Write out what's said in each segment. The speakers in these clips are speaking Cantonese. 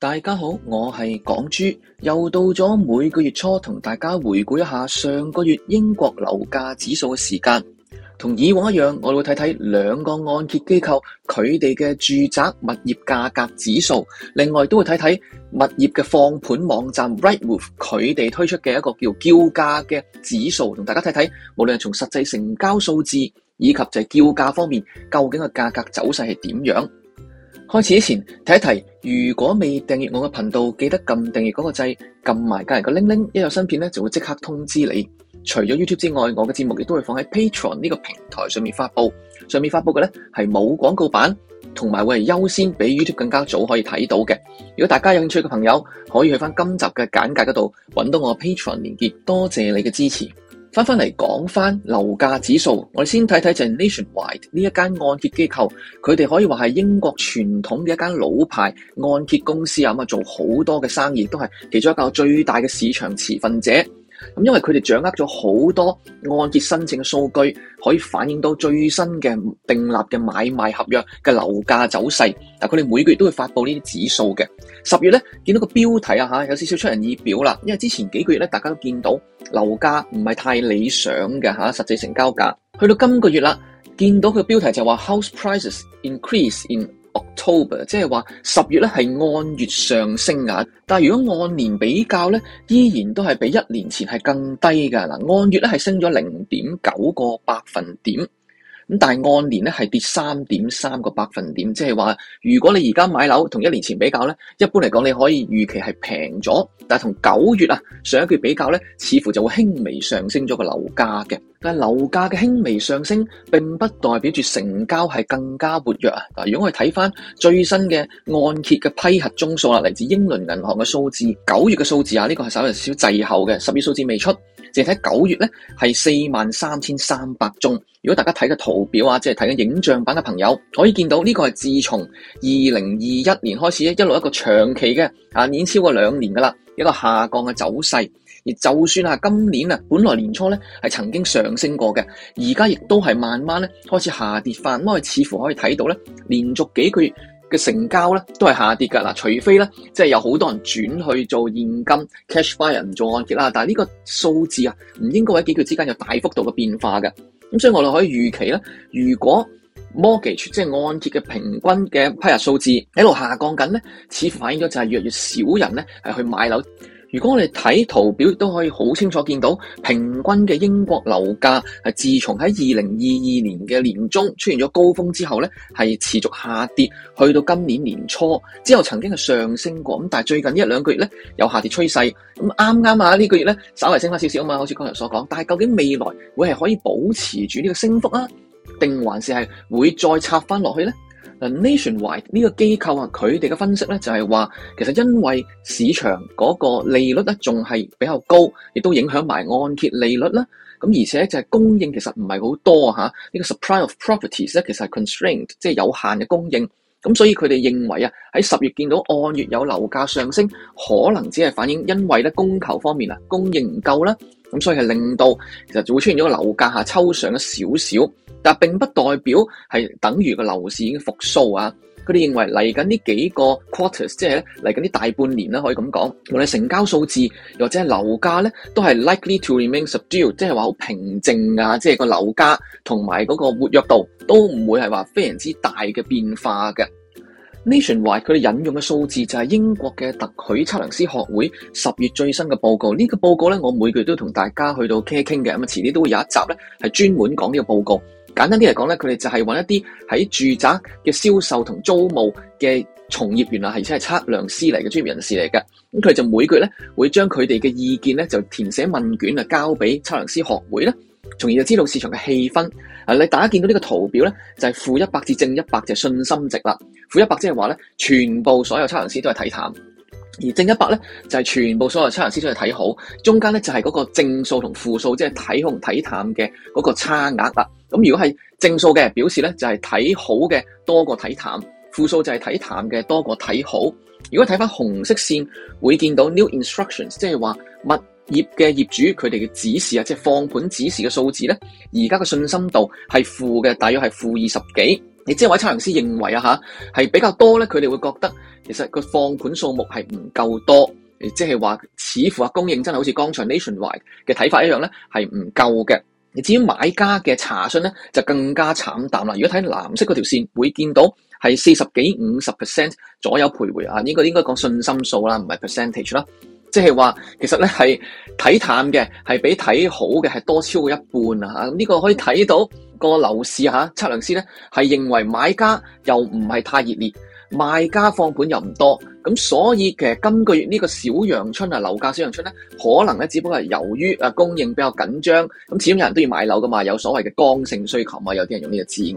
大家好，我係港豬，又到咗每個月初同大家回顧一下上個月英國樓價指數嘅時間，同以往一樣，我會睇睇兩個按揭機構佢哋嘅住宅物業價格指數，另外都會睇睇物業嘅放盤網站 Rightmove 佢哋推出嘅一個叫叫價嘅指數，同大家睇睇，無論從實際成交數字以及就係叫價方面，究竟嘅價格走勢係點樣。開始之前提一提，如果未訂閱我嘅頻道，記得撳訂閱嗰個掣，撳埋隔離個鈴鈴，一有新片咧就會即刻通知你。除咗 YouTube 之外，我嘅節目亦都會放喺 Patreon 呢個平台上面發布。上面發布嘅咧係冇廣告版，同埋會係優先比 YouTube 更加早可以睇到嘅。如果大家有興趣嘅朋友，可以去翻今集嘅簡介嗰度搵到我 Patreon 連結，多謝你嘅支持。翻翻嚟講翻樓價指數，我哋先睇睇就 Nationwide 呢一間按揭機構，佢哋可以話係英國傳統嘅一間老牌按揭公司啊，咁啊做好多嘅生意，都係其中一個最大嘅市場持份者。咁因為佢哋掌握咗好多按揭申請嘅數據，可以反映到最新嘅訂立嘅買賣合約嘅樓價走勢。但佢哋每個月都會發布呢啲指數嘅。十月咧見到個標題啊嚇，有少少出人意表啦。因為之前幾個月咧，大家都見到樓價唔係太理想嘅嚇，實際成交價。去到今個月啦，見到佢嘅標題就係話 house prices increase in October，即係話十月咧係按月上升嘅，但係如果按年比較咧，依然都係比一年前係更低㗎嗱，按月咧係升咗零點九個百分點。咁但係按年咧係跌三點三個百分點，即係話如果你而家買樓同一年前比較咧，一般嚟講你可以預期係平咗，但係同九月啊上一月比較咧，似乎就會輕微上升咗個樓價嘅。但係樓價嘅輕微上升並不代表住成交係更加活躍啊！如果我哋睇翻最新嘅按揭嘅批核宗數啦，嚟自英倫銀行嘅數字，九月嘅數字啊，呢、這個係稍微少滯後嘅，十月數字未出。淨睇九月咧係四萬三千三百宗。如果大家睇嘅圖表啊，即係睇緊影像版嘅朋友，可以見到呢個係自從二零二一年開始咧，一路一個長期嘅啊，已經超過兩年噶啦，一個下降嘅走勢。而就算啊，今年啊，本來年初咧係曾經上升過嘅，而家亦都係慢慢咧開始下跌，反觀似乎可以睇到咧，連續幾個月嘅成交咧都係下跌㗎嗱，除非咧即係有好多人轉去做現金 cash buy 人唔做按揭啦，但係呢個數字啊唔應該喺幾個月之間有大幅度嘅變化嘅，咁所以我哋可以預期咧，如果 mortgage 即係按揭嘅平均嘅批入數字喺度下降緊咧，似乎反映咗就係越嚟越少人咧係去買樓。如果我哋睇圖表都可以好清楚見到，平均嘅英國樓價係自從喺二零二二年嘅年中出現咗高峰之後咧，係持續下跌，去到今年年初之後曾經係上升過，咁但係最近一兩個月咧有下跌趨勢，咁啱啱啊呢個月咧稍微升翻少少啊嘛，好似剛才所講，但係究竟未來會係可以保持住呢個升幅啊，定還是係會再插翻落去咧？Nationwide 呢個機構啊，佢哋嘅分析呢，就係話，其實因為市場嗰個利率呢仲係比較高，亦都影響埋按揭利率啦。咁而且就係供應其實唔係好多啊，呢、呢個 supply of properties 呢，其實係 constrained 即係有限嘅供應。咁所以佢哋認為啊，喺十月見到按月有樓價上升，可能只係反映因為呢供求方面啊供應唔夠啦。咁所以係令到，其實就會出現咗個樓價下抽上一少少，但並不代表係等於個樓市已經復甦啊！佢哋認為嚟緊呢幾個 quarters，即係嚟緊啲大半年啦，可以咁講，我哋成交數字或者係樓價咧，都係 likely to remain subdued，即係話好平靜啊！即係個樓價同埋嗰個活躍度都唔會係話非常之大嘅變化嘅。Nationwide 話佢哋引用嘅數字就係英國嘅特許測量師學會十月最新嘅報告。呢個報告咧，我每個月都同大家去到傾一傾嘅咁啊，遲啲都會有一集咧係專門講呢個報告。簡單啲嚟講咧，佢哋就係搵一啲喺住宅嘅銷售同租務嘅從業員啊，而且係測量師嚟嘅專業人士嚟嘅。咁佢哋就每個月咧會將佢哋嘅意見咧就填寫問卷啊，交俾測量師學會咧。從而就知道市場嘅氣氛。啊，你大家見到呢個圖表咧，就係負一百至正一百就係信心值啦。負一百即係話咧，全部所有測量師都係睇淡，而正一百咧就係、是、全部所有測量師都係睇好。中間咧就係、是、嗰個正數同負數，即係睇好同睇淡嘅嗰個差額啦。咁如果係正數嘅，表示咧就係、是、睇好嘅多過睇淡，負數就係睇淡嘅多過睇好。如果睇翻紅色線，會見到 new instructions，即係話乜？業嘅業主佢哋嘅指示啊，即係放盤指示嘅數字咧，而家嘅信心度係負嘅，大約係負二十幾。你即係位測量師認為啊吓係比較多咧，佢哋會覺得其實個放盤數目係唔夠多，即係話似乎啊供應真係好似剛才 Nationwide 嘅睇法一樣咧，係唔夠嘅。至於買家嘅查詢咧，就更加慘淡啦。如果睇藍色嗰條線，會見到係四十幾五十 percent 左右徘徊啊，呢個應該講信心數啦，唔係 percentage 啦。即係話，其實咧係睇淡嘅，係比睇好嘅係多超過一半啊！咁、這、呢個可以睇到個樓市嚇、啊，測量師咧係認為買家又唔係太熱烈，賣家放盤又唔多，咁所以其實今個月呢個小陽春啊，樓價小陽春咧，可能咧只不過係由於啊供應比較緊張，咁始終有人都要買樓㗎嘛，有所謂嘅剛性需求嘛，有啲人用呢個字眼。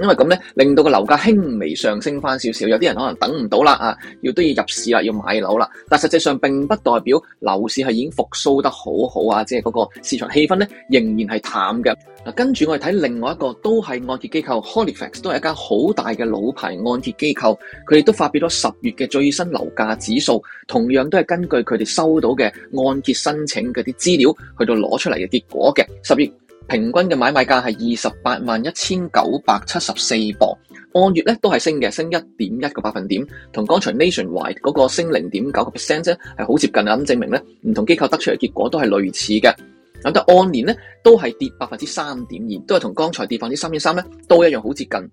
因為咁咧，令到個樓價輕微上升翻少少，有啲人可能等唔到啦啊，要都要入市啦，要買樓啦。但實際上並不代表樓市係已經復甦得好好啊，即係嗰個市場氣氛咧仍然係淡嘅。嗱，跟住我哋睇另外一個都係按揭機構 Halifax 都係一間好大嘅老牌按揭機構，佢哋都發表咗十月嘅最新樓價指數，同樣都係根據佢哋收到嘅按揭申請嗰啲資料去到攞出嚟嘅結果嘅十月。平均嘅買賣價係二十八萬一千九百七十四磅，按月咧都係升嘅，升一點一個百分點，同剛才 Nationwide 嗰個升零點九個 percent 咧係好接近啊，咁證明咧，唔同機構得出嘅結果都係類似嘅。咁但按年咧都係跌百分之三點二，都係同剛才跌百分之三點三咧都一樣好接近。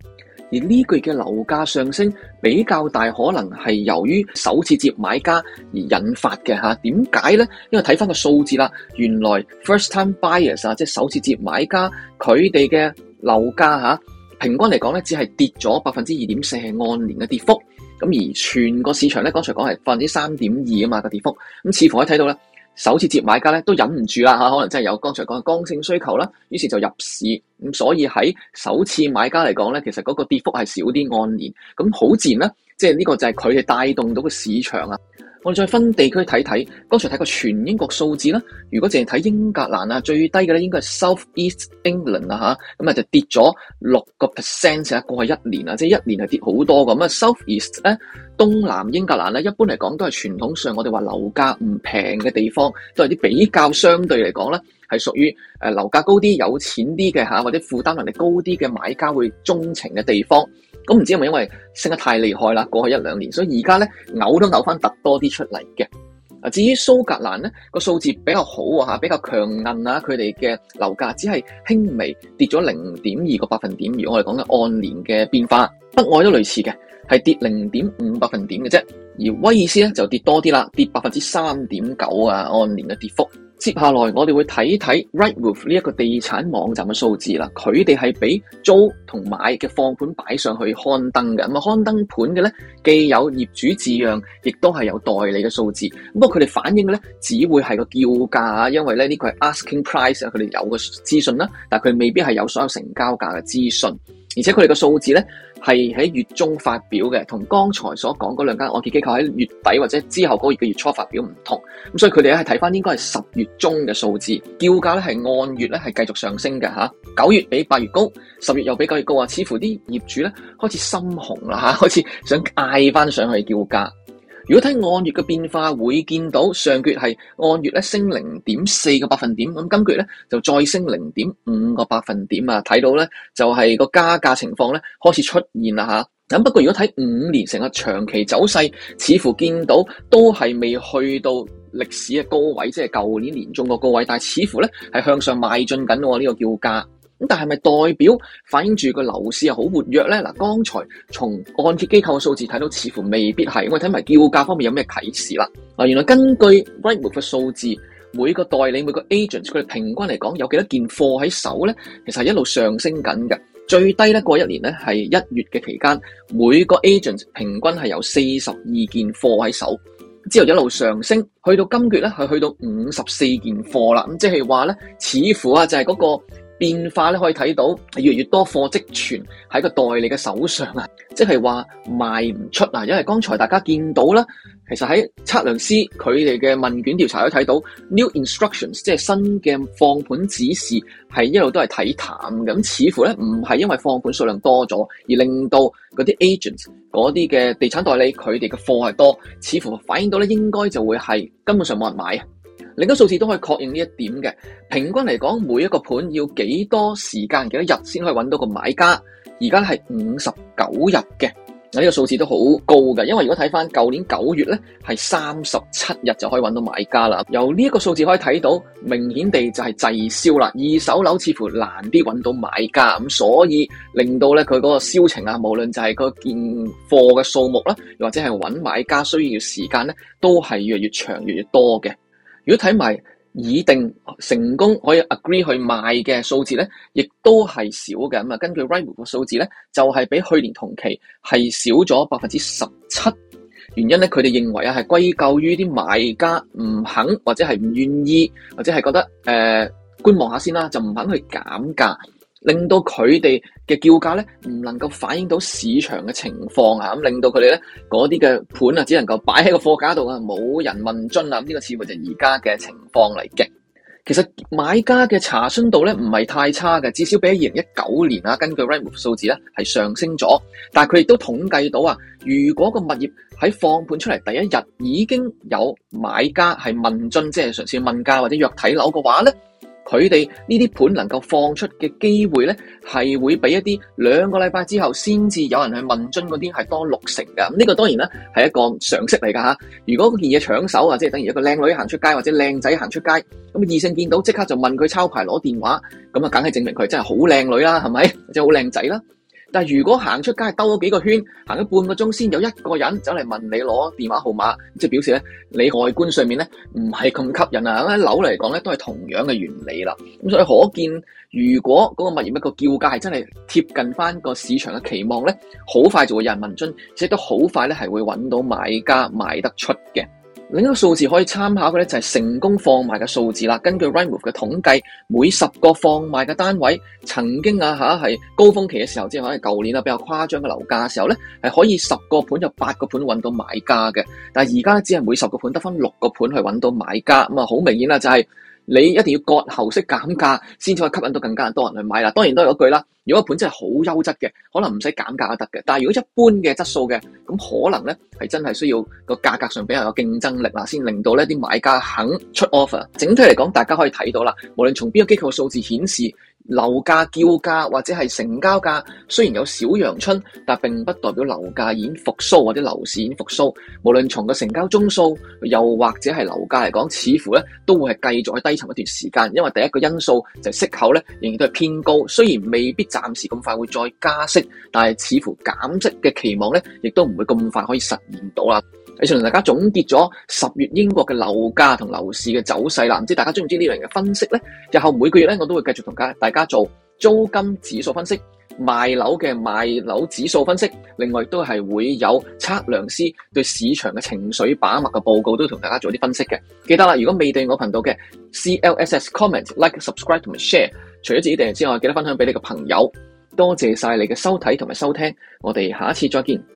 而呢個月嘅樓價上升比較大，可能係由於首次接買家而引發嘅嚇。點解呢？因為睇翻個數字啦，原來 first time buyers 啊，即係首次接買家，佢哋嘅樓價平均嚟講呢，只係跌咗百分之二點四係按年嘅跌幅。咁而全個市場呢，剛才講係百分之三點二啊嘛個跌幅。咁似乎可以睇到呢。首次接買家咧，都忍唔住啦吓，可能真係有剛才講嘅剛性需求啦，於是就入市咁，所以喺首次買家嚟講咧，其實嗰個跌幅係少啲按年咁，好自然啦，即係呢個就係佢哋帶動到個市場啊。我哋再分地區睇睇，剛才睇過全英國數字啦。如果淨係睇英格蘭啊，最低嘅咧應該係 South East England 啊吓，咁啊就跌咗六個 percent，過去一年啊，即係一年係跌好多咁啊。South East 咧，東南英格蘭咧，一般嚟講都係傳統上我哋話樓價唔平嘅地方，都係啲比較相對嚟講咧，係屬於誒樓價高啲、有錢啲嘅吓，或者負擔能力高啲嘅買家會鍾情嘅地方。咁唔知係咪因為升得太厲害啦？過去一兩年，所以而家咧扭都扭翻突多啲出嚟嘅。啊，至於蘇格蘭咧個數字比較好啊，比較強硬啊，佢哋嘅樓價只係輕微跌咗零點二個百分點，如我哋講嘅按年嘅變化。北愛都類似嘅，係跌零點五百分點嘅啫。而威爾斯咧就跌多啲啦，跌百分之三點九啊，按年嘅跌幅。接下來我哋會睇睇 Rightmove 呢一個地產網站嘅數字啦，佢哋係畀租同買嘅放盤擺上去刊登嘅，咁啊刊登盤嘅咧既有業主自讓，亦都係有代理嘅數字。不過佢哋反映嘅咧只會係個叫價啊，因為咧呢個係 asking price 啊，佢哋有嘅資訊啦，但係佢未必係有所有成交價嘅資訊。而且佢哋嘅數字呢係喺月中發表嘅，同剛才所講嗰兩間按揭機構喺月底或者之後嗰月嘅月初發表唔同，咁所以佢哋係睇返應該係十月中嘅數字，叫價呢係按月呢係繼續上升嘅㗎，九月比八月高，十月又比九月高啊，似乎啲業主呢開始心紅啦，開始想嗌返上去叫價。如果睇按月嘅變化，會見到上月係按月升零點四個百分點，咁今月呢就再升零點五個百分點啊！睇到呢就係個加價情況呢開始出現啦嚇。咁不過如果睇五年成個長期走勢，似乎見到都係未去到歷史嘅高位，即係舊年年中個高位，但係似乎呢係向上邁進緊喎。呢、這個叫價。咁但係，咪代表反映住個樓市又好活躍咧？嗱，剛才從按揭機構嘅數字睇到，似乎未必係。我哋睇埋叫價方面有咩啟示啦？嗱，原來根據 Rightmove 嘅數字，每個代理每個 agents 佢哋平均嚟講有幾多件貨喺手咧？其實係一路上升緊嘅，最低咧過一年咧係一月嘅期間，每個 agents 平均係有四十二件貨喺手，之後一路上升，去到今月咧佢去到五十四件貨啦。咁即係話咧，似乎啊就係嗰、那個。變化咧可以睇到越嚟越多貨積存喺個代理嘅手上啊，即係話賣唔出啊，因為剛才大家見到啦，其實喺測量師佢哋嘅問卷調查都睇到 new instructions 即係新嘅放盤指示係一路都係睇淡嘅，咁似乎咧唔係因為放盤數量多咗，而令到嗰啲 agents 嗰啲嘅地產代理佢哋嘅貨係多，似乎反映到咧應該就會係根本上冇人買啊。另一個數字都可以確認呢一點嘅，平均嚟講每一個盤要幾多時間幾多日先可以揾到個買家？而家係五十九日嘅，呢個數字都好高嘅。因為如果睇翻舊年九月咧，係三十七日就可以揾到買家啦。由呢一個數字可以睇到，明顯地就係滯銷啦。二手樓似乎難啲揾到買家，咁所以令到咧佢嗰個銷情啊，無論就係個件貨嘅數目啦，或者係揾買家需要時間咧，都係越嚟越長越越多嘅。如果睇埋已定成功可以 agree 去賣嘅數字呢，亦都係少嘅咁啊。根據 Rightmove 嘅數字呢，就係、是、比去年同期係少咗百分之十七。原因呢，佢哋認為啊，係歸咎於啲買家唔肯或者係唔願意，或者係覺得呃觀望下先啦，就唔肯去減價。令到佢哋嘅叫價咧，唔能夠反映到市場嘅情況啊！咁令到佢哋咧，嗰啲嘅盤啊，只能夠擺喺個貨架度啊，冇人問津啦！呢、這個似乎就而家嘅情況嚟嘅。其實買家嘅查詢度咧，唔係太差嘅，至少比二零一九年啊，根據 Rightmove 數字咧係上升咗。但佢亦都統計到啊，如果個物業喺放盤出嚟第一日已經有買家係問津，即係嘗試問價或者約睇樓嘅話咧。佢哋呢啲盤能夠放出嘅機會呢，係會比一啲兩個禮拜之後先至有人去問津嗰啲，係多六成嘅。呢個當然啦，係一個常識嚟㗎吓。如果件嘢搶手啊，即係等於一個靚女行出街或者靚仔行出街，咁異性見到即刻就問佢抄牌攞電話，咁啊梗係證明佢真係好靚女啦，係咪？或者好靚仔啦？但係如果行出街兜咗幾個圈，行咗半個鐘先有一個人走嚟問你攞電話號碼，即係表示咧你外觀上面咧唔係咁吸引啊。喺樓嚟講咧都係同樣嘅原理啦。咁所以可見，如果嗰個物業一個叫價係真係貼近翻個市場嘅期望咧，好快就會有人問津，即都好快咧係會搵到買家賣得出嘅。另一個數字可以參考嘅咧就係成功放賣嘅數字啦。根據 Rightmove 嘅統計，每十個放賣嘅單位，曾經啊吓係高峰期嘅時候，即係可能舊年啊比較誇張嘅樓價嘅時候咧，係可以十個盤有八個盤揾到買家嘅。但係而家只係每十個盤得翻六個盤去揾到買家，咁啊好明顯啦就係、是。你一定要割喉式減價，先至可以吸引到更加多人去買啦。當然都係嗰句啦，如果一盤真係好優質嘅，可能唔使減價都得嘅。但係如果一般嘅質素嘅，咁可能咧係真係需要個價格上比較有競爭力啦，先令到呢啲買家肯出 offer。整體嚟講，大家可以睇到啦，無論從邊個機構數字顯示，樓價叫價或者係成交價，雖然有小陽春，但係並不代表樓價已經復甦或者樓市已經復甦。無論從個成交宗數，又或者係樓價嚟講，似乎咧都會係繼續喺低沉一段時間。因為第一個因素就係息口咧仍然都係偏高，雖然未必暫時咁快會再加息，但係似乎減息嘅期望咧亦都唔會咁快可以實現到啦。以上大家總結咗十月英國嘅樓價同樓市嘅走勢啦，唔知大家鍾唔鍾意呢樣嘅分析呢？日後每個月咧，我都會繼續同大家大家做租金指數分析、賣樓嘅賣樓指數分析，另外亦都係會有測量師對市場嘅情緒把脈嘅報告，都會同大家做啲分析嘅。記得啦，如果未訂我頻道嘅 CLSS Comment Like and Subscribe 同埋 Share，除咗自己訂閱之外，記得分享俾你嘅朋友。多謝晒你嘅收睇同埋收聽，我哋下一次再見。